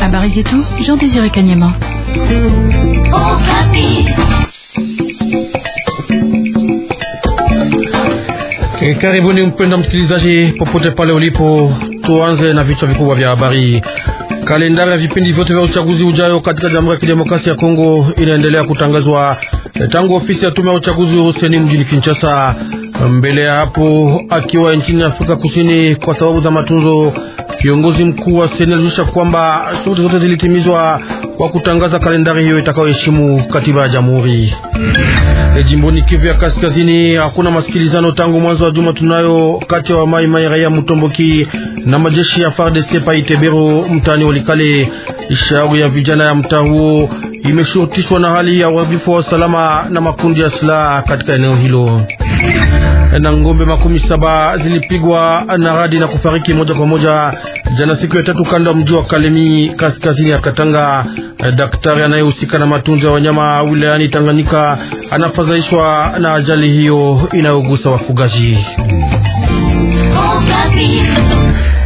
Habari zetu Jean Désiré Kanyama. Karibuni mpenda msikilizaji, popote pale ulipo, tuanze na vichwa vikubwa vya habari. Kalendari ya vipindi vyote vya uchaguzi ujayo katika Jamhuri ya Kidemokrasia ya Kongo inaendelea kutangazwa tangu ofisi ya tume ya uchaguzi Ruseni mjini Kinshasa. Mbele ya hapo akiwa nchini Afrika Kusini kwa sababu za matunzo, kiongozi mkuu wa seni alijulisha kwamba shughuli zote zilitimizwa wa kutangaza kalendari hiyo itakayoheshimu katiba ya jamhuri. E, Jimboni Kivu ya Kaskazini hakuna masikilizano tangu mwanzo wa juma tunayo kati ya wa Mai Mai raia Mutomboki na majeshi ya FARDC pa Itebero mtaani Walikale. Shauri ya vijana ya mtaa huo imeshurutishwa na hali ya uharibifu wa usalama na makundi ya silaha katika eneo hilo. E, na ngombe makumi saba zilipigwa na radi na kufariki moja kwa moja jana siku ya tatu kando ya mji wa Kalemi kaskazini ya Katanga Eh, daktari anayehusika na matunzo ya wanyama wilayani Tanganyika anafadhaishwa na ajali hiyo inayogusa wafugaji.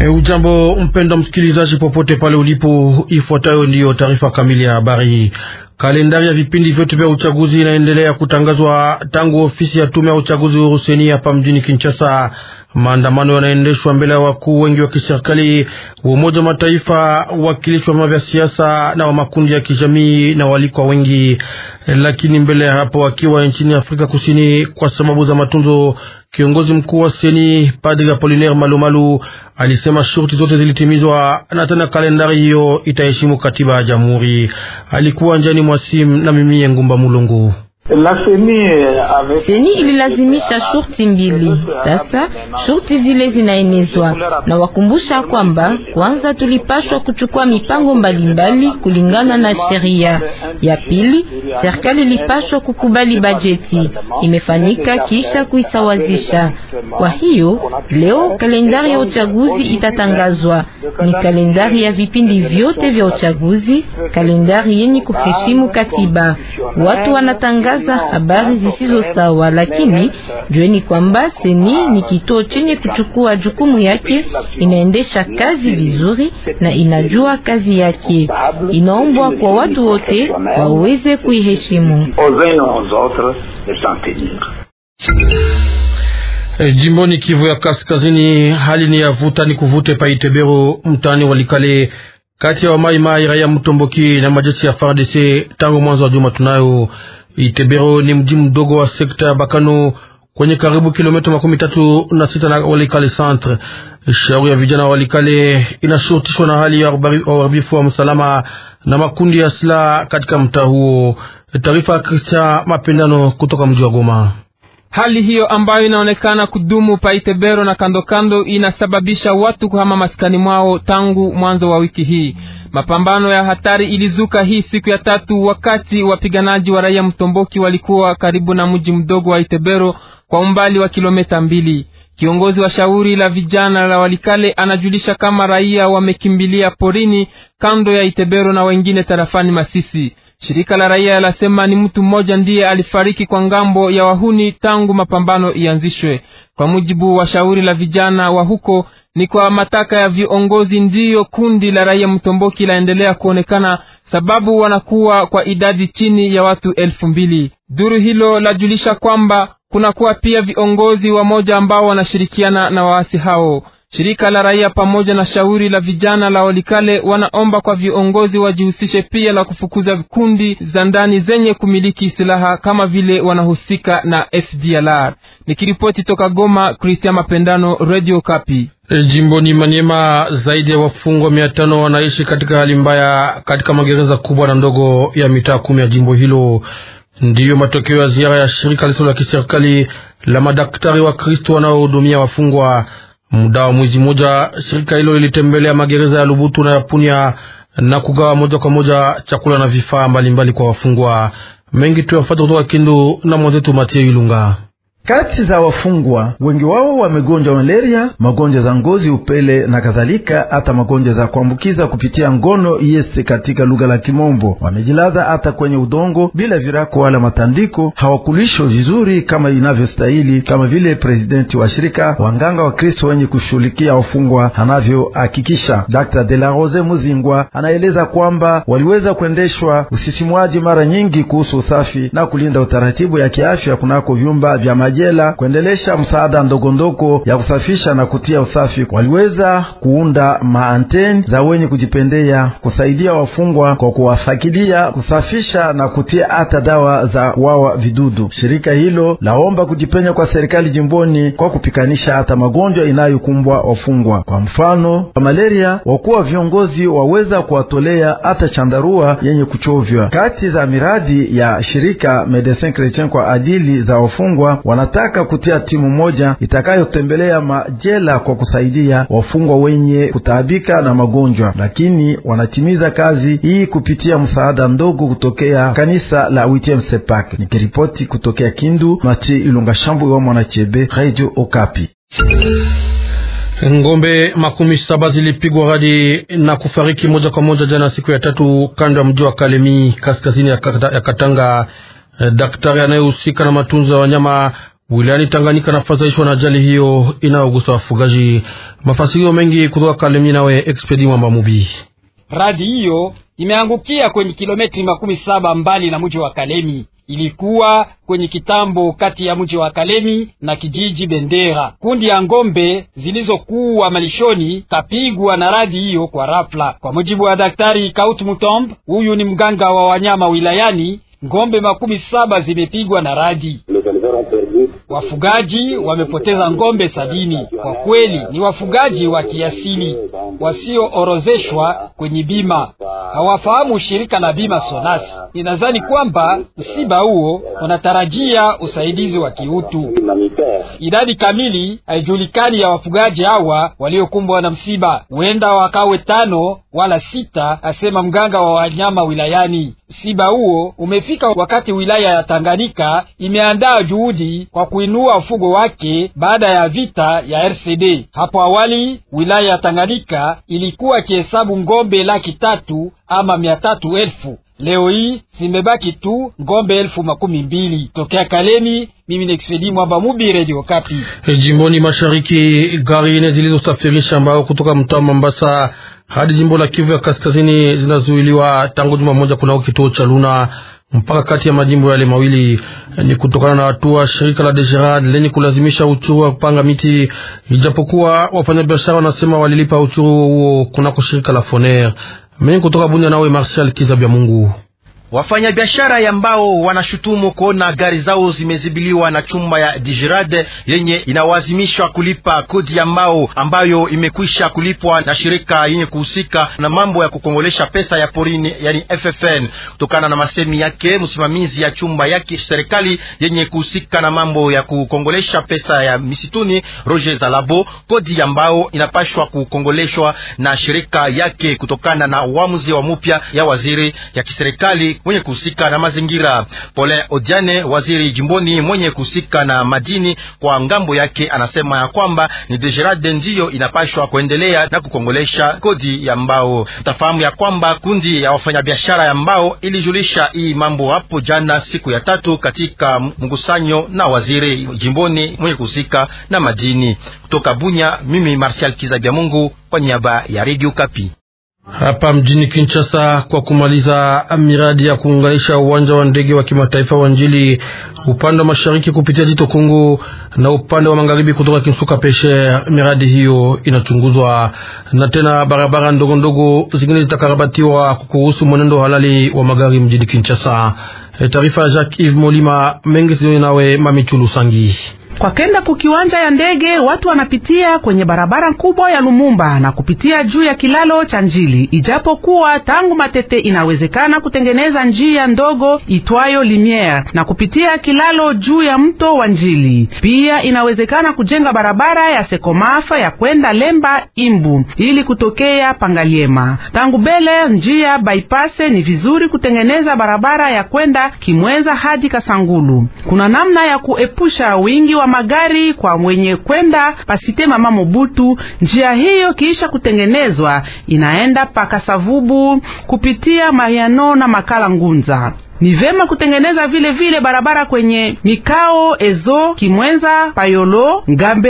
E, ujambo mpenda msikilizaji, popote pale ulipo, ifuatayo ndiyo taarifa kamili ya habari. Kalendari ya vipindi vyote vya uchaguzi inaendelea kutangazwa tangu ofisi ya tume ya uchaguzi huru seni hapa mjini Kinshasa Maandamano yanaendeshwa mbele ya wakuu wengi wa kiserikali, Umoja wa Mataifa, wakilishi wa vyama vya siasa na wa makundi ya kijamii na walikwa wengi, lakini mbele ya hapo wakiwa nchini Afrika Kusini kwa sababu za matunzo Kiongozi mkuu wa seni Padri Apolinaire Malumalu alisema shurti zote zilitimizwa na tena kalendari hiyo itaheshimu katiba ya jamhuri. Alikuwa njani mwasim na mimi Ngumba Mulungu. Seni ililazimisha shurti mbili. Sasa shurti zile zinaenezwa, na wakumbusha kwamba kwanza tulipashwa kuchukua mipango mbalimbali mbali kulingana na sheria. Ya pili, serikali ilipashwa kukubali bajeti, imefanyika kisha kuisawazisha. Kwa hiyo leo kalendari ya uchaguzi itatangazwa, ni kalendari ya vipindi vyote vya uchaguzi, kalendari yenye kuheshimu katiba. Watu wanatangaza kutangaza habari zisizo sawa, lakini jueni kwamba seni ni kituo chenye kuchukua jukumu yake, inaendesha kazi vizuri na inajua kazi yake. Inaombwa kwa watu wote waweze kuiheshimu. E, Jimboni Kivu ya Kaskazini, hali ni ya vuta ni kuvute paitebero mtani walikale kati ya wamaimai raia Mtomboki na majeshi ya FARDC tangu mwanzo wa juma tunayo Itebero ni mji mdogo wa sekta ya Bakano kwenye karibu kilomita makumi tatu na sita na Walikale centre. Shauri ya vijana wa Walikale inashurutishwa na hali ya uharibifu wa msalama na makundi ya silaha katika mtaa huo. Taarifa ya Mapendano kutoka mji wa Goma hali hiyo ambayo inaonekana kudumu paitebero na kandokando inasababisha watu kuhama maskani mwao tangu mwanzo wa wiki hii. Mapambano ya hatari ilizuka hii siku ya tatu, wakati wapiganaji wa raia mtomboki walikuwa karibu na mji mdogo wa Itebero kwa umbali wa kilomita mbili. Kiongozi wa shauri la vijana la Walikale anajulisha kama raia wamekimbilia porini kando ya Itebero na wengine tarafani Masisi. Shirika la raia lasema ni mtu mmoja ndiye alifariki kwa ngambo ya wahuni tangu mapambano ianzishwe. Kwa mujibu wa shauri la vijana wa huko, ni kwa mataka ya viongozi ndiyo kundi la raia Mtomboki laendelea kuonekana, sababu wanakuwa kwa idadi chini ya watu elfu mbili. Duru hilo lajulisha kwamba kunakuwa pia viongozi wamoja ambao wanashirikiana na waasi hao. Shirika la raia pamoja na shauri la vijana la Walikale wanaomba kwa viongozi wajihusishe pia la kufukuza vikundi za ndani zenye kumiliki silaha kama vile wanahusika na FDLR. Nikiripoti toka Goma, Christian Mapendano, Radio Kapi. Eh, jimboni Manyema, zaidi ya wafungwa mia tano wanaishi katika hali mbaya katika magereza kubwa na ndogo ya mitaa kumi ya jimbo hilo. Ndiyo matokeo ya ziara ya shirika lisilo la kiserikali la madaktari wa Kristo wanaohudumia wafungwa Muda wa mwezi mmoja shirika hilo lilitembelea magereza ya Lubutu na Punya na kugawa moja kwa moja chakula na vifaa mbalimbali kwa wafungwa. Mengi tu kutoka Kindu na mwenzetu Matie Ilunga. Kati za wafungwa wengi wao wamegonjwa malaria, magonjwa za ngozi, upele na kadhalika, hata magonjwa za kuambukiza kupitia ngono yese katika lugha la Kimombo. Wamejilaza hata kwenye udongo bila virako wala matandiko, hawakulishwa vizuri kama inavyostahili, kama vile presidenti wa shirika wanganga wa Kristo wenye kushughulikia wafungwa anavyohakikisha. Dr. De La Rose Muzingwa anaeleza kwamba waliweza kuendeshwa usisimwaji mara nyingi kuhusu usafi na kulinda utaratibu ya kiafya kunako vyumba vya maji jela kuendelesha msaada ndogondogo ya kusafisha na kutia usafi. Waliweza kuunda maanteni za wenye kujipendea kusaidia wafungwa kwa kuwafakilia kusafisha na kutia hata dawa za wawa vidudu. Shirika hilo laomba kujipenya kwa serikali jimboni kwa kupikanisha hata magonjwa inayokumbwa wafungwa, kwa mfano kwa malaria. Wakuwa viongozi waweza kuwatolea hata chandarua yenye kuchovya. Kati za miradi ya shirika Medecin Chrétiens kwa ajili za wafungwa wanataka kutia timu moja itakayotembelea majela kwa kusaidia wafungwa wenye kutaabika na magonjwa, lakini wanatimiza kazi hii kupitia msaada ndogo kutokea kanisa la Witiem Sepak. Nikiripoti kutokea Kindu, Mati Ilunga Shambu wa Mwanachebe, Radio Okapi. Ngombe makumi saba zilipigwa hadi na kufariki moja kwa moja jana siku ya tatu kando ya mji wa Kalemi kaskazini ya Katanga. Eh, daktari anayehusika na matunzo ya wanyama wilayani Tanganyika nafadhaishwa na ajali hiyo inayogusa wafugaji. Mafasirio mengi kutoka Kalemie, nawe Expedi Mwamba Mubi. Radi hiyo imeangukia kwenye kilometri makumi saba mbali na mji wa Kalemi. Ilikuwa kwenye kitambo kati ya mji wa Kalemi na kijiji Bendera. Kundi ya ngombe zilizokuwa malishoni kapigwa na radi hiyo kwa rafla. Kwa mujibu wa daktari Kaut Mutomb, huyu ni mganga wa wanyama wilayani, ngombe makumi saba zimepigwa na radi Wafugaji wamepoteza ng'ombe sabini. Kwa kweli ni wafugaji wa kiasili wasioorozeshwa kwenye bima, hawafahamu shirika la bima Sonasi. Ninadhani kwamba msiba huo unatarajia usaidizi wa kiutu. Idadi kamili haijulikani ya wafugaji hawa waliokumbwa na msiba, huenda wakawe tano wala sita, asema mganga wa wanyama wilayani. Msiba huo umefika wakati wilaya ya Tanganyika imeandaa juhudi kwa kuinua fugo wake baada ya vita ya RCD. Hapo awali wilaya ya Tanganyika ilikuwa kihesabu ngombe laki tatu ama mia tatu elfu. Leo hii zimebaki tu ngombe elfu makumi mbili tokea Kalemi. Mimi ni Kiswedi Mwamba Mubi, Radio Kapi. E, Jimboni mashariki, gari ine zilizosafirisha mbao kutoka mtaa Mombasa hadi jimbo la Kivu ya kaskazini zinazuiliwa tangu juma moja kunao kituo cha Luna mpaka kati ya majimbo yale mawili eh, ni kutokana na hatua shirika la Degerad lenye kulazimisha uchuru wa kupanga miti, ijapokuwa wafanyabiashara wanasema walilipa uchuru huo kunako shirika la Foner. Mimi kutoka Bunia, nawe Marshal Kizabya Mungu. Wafanyabiashara ya mbao wanashutumu kuona gari zao zimezibiliwa na chumba ya digirade yenye inawazimishwa kulipa kodi ya mbao ambayo imekwisha kulipwa na shirika yenye kuhusika na mambo ya kukongolesha pesa ya porini, yani FFN. Kutokana na masemi yake msimamizi ya chumba ya serikali yenye kuhusika na mambo ya kukongolesha pesa ya misituni, Roger Zalabo, kodi ya mbao inapashwa kukongoleshwa na shirika yake kutokana na uamuzi wa mupya ya waziri ya kiserikali mwenye kuhusika na mazingira. Pole Odiane, waziri jimboni mwenye kuhusika na madini, kwa ngambo yake anasema ya kwamba ni Dejerade ndiyo inapashwa kuendelea na kukongolesha kodi ya mbao. Tafahamu ya kwamba kundi ya wafanyabiashara ya mbao ilijulisha hii mambo hapo jana siku ya tatu katika mkusanyo na waziri jimboni mwenye kuhusika na madini. Kutoka Bunya, mimi Martial Kizabya Mungu kwa niaba ya Radio Kapi hapa mjini Kinshasa kwa kumaliza miradi ya kuunganisha uwanja wa ndege wa kimataifa wa Njili upande wa mashariki kupitia Jito Kungu na upande wa magharibi kutoka Kinsuka Peshe. Miradi hiyo inachunguzwa na tena barabara ndogo ndogo zingine zitakarabatiwa kuruhusu mwenendo halali wa magari mjini Kinshasa. E, taarifa ya Jacques Yves Molima mengi sioni nawe Mamichulu Sangi. Kwa kenda kukiwanja ya ndege, watu wanapitia kwenye barabara kubwa ya Lumumba na kupitia juu ya kilalo cha Njili, ijapokuwa tangu Matete inawezekana kutengeneza njia ndogo itwayo Limiere na kupitia kilalo juu ya mto wa Njili. Pia inawezekana kujenga barabara ya Sekomafa ya kwenda Lemba Imbu ili kutokea Pangaliema. Tangu bele njia baipase, ni vizuri kutengeneza barabara ya kwenda Kimweza hadi Kasangulu. Kuna namna ya kuepusha wingi wa magari kwa mwenye kwenda pasite Mama Mobutu. Njia hiyo kiisha kutengenezwa inaenda pakasavubu kupitia Mariano na Makala Ngunza. Ni vema kutengeneza vile vile barabara kwenye mikao Ezo, Kimwenza, Payolo,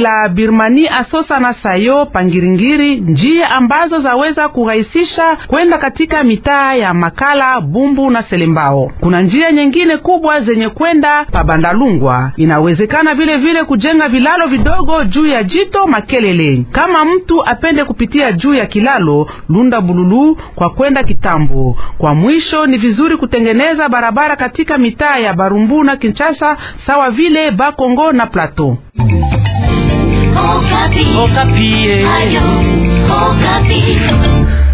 la Birmani, Asosa na Sayo, Pangiringiri, njia ambazo zaweza kurahisisha kwenda katika mitaa ya Makala, Bumbu na Selembao. Kuna njia nyingine kubwa zenye kwenda Pabandalungwa. Inawezekana vile vile kujenga vilalo vidogo juu ya jito Makelele, kama mtu apende kupitia juu ya kilalo Lunda Bululu kwa kwenda Kitambo. Kwa mwisho, ni vizuri kutengeneza barabara katika mitaa ya Barumbu na Kinshasa sawa vile Bakongo na Plateau. Okapi. Oh, Okapi. Oh, eh. Ayo, Okapi. Oh,